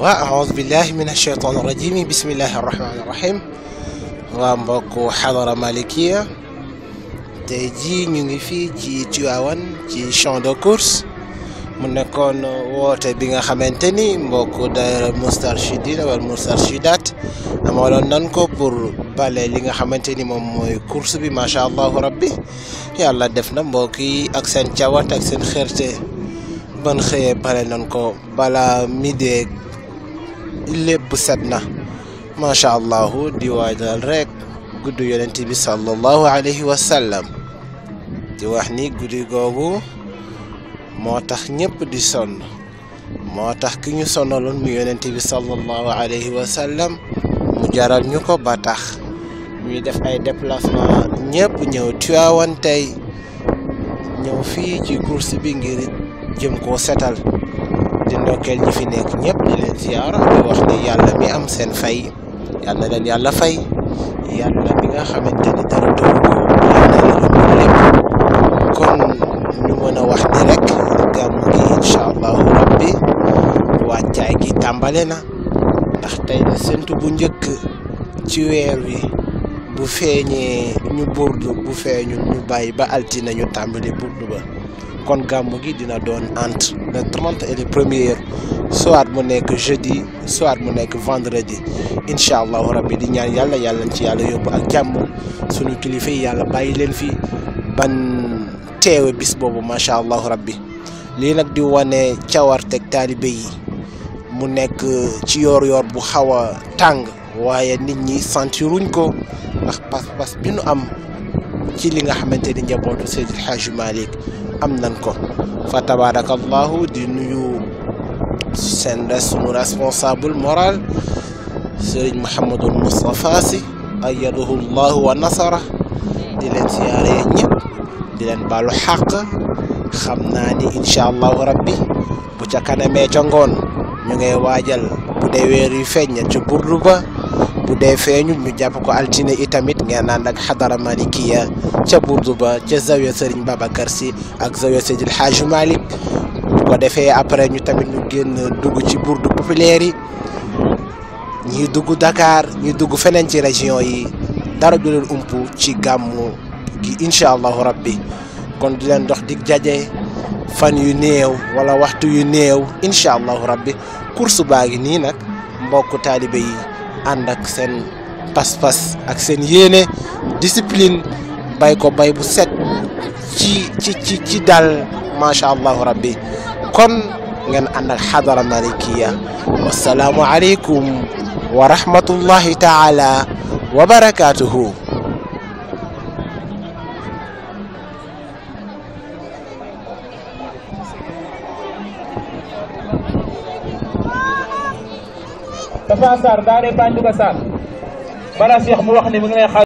وأعوذ بالله من الشيطان الرجيم بسم الله الرحمن الرحيم رامبوكو حضرة مالكية تيجي نيجي في جي تيوان جي شان دو كورس من نكون وات بيغا خامتني مبوكو داير مسترشدين ولا مسترشدات اما لون نانكو بور بالي ليغا خامتني موم كورس بي ما شاء الله ربي يالا دفنا مبوكي اك سين تياوات اك سين ban xëyee pare nañ ko bala midee lépp set na macha allah di waajal rek guddi yonent bi sallallahu alayhi wa sallam di wax ni guddi googu moo tax ñëpp di sonn moo tax ki ñu sonnaloon mu yonent bi sallallahu alayhi wa sallam mu jaral ñu ko ba tax ñuy def ay déplacement ñëpp ñëw Tiwaawan tey ñëw fii ci course bi ngir jëm ko sétal di ndokkeel ñi fi nekk ñepp di leen ziyaara di wax ni yalla mi am seen fay yalla leen yalla fay yalla mi nga xamanteni dara do ko yàlla yàlla kon ñu mëna wax ni rek gàmmu gi incha allahu rabbi wàccaay gi tàmbale na ndax tay na sentu bu njëkk ci wër wi bu feñé ñu burdu bu feñu ñu bay ba altina ñu tàmbali burdu ba kon gàmm gi dina don entre le 30 et le premier soit mu nek jeudi soit mu nek vendredi inshallah rabbi di ñaan yalla yalla ci yalla yóbbu ak jamm sunu kilifa yalla bayi len fi ban téwé bis ma sha Allah rabbi li nak di wane cawarteg talibé yi mu nek ci yor yor bu xawa tang waye nit ñi sentiruñ ko ndax pas-pas bi am ci li nga xamante ni njabootu Seydi El Hadji am nañ ko fa tabarakallahu di nuyu seen sunu responsable moral Serigne Mouhamadul Moustapha Sy ayadahu llahu wa nasara di leen siyaare ñëpp di leen baalu xàq xam naa ni incha allahu rabbi bu ca kanamee ca ngoon ñu ngay waajal bu dee weer yu feeña ca burdu ba bu dee feeñu ñu jàpp ko altine itamit ngeen ànd ak xadara malikiya ca Bourduba ca zawiya Serigne Babacar ak zawiya Seydil Hadji Malick bu ko defee après ñu tamit ñu génn dugg ci Bourdu populaire yi ñuy dugg dakaar ñuy dugg feneen ci région yi dara du ump ci gàmmu gi incha allahu rabbi kon di leen dox dig jaje fan yu néew wala waxtu yu néew incha allahu rabbi course baa ngi nii nag mbokk taalibe yi ànd ak pass pass pas ak seen yéene discipline bay ko bay bu set ci ci ci ci daal macha allahu rabbi kon ngeen ànd ak malikiya wasalaamu aleykum wa rahmatullahi taala wa barakaatuhu dafa asar daanee bañ lu ko saal balaa Cheikh mu wax mu ngi lay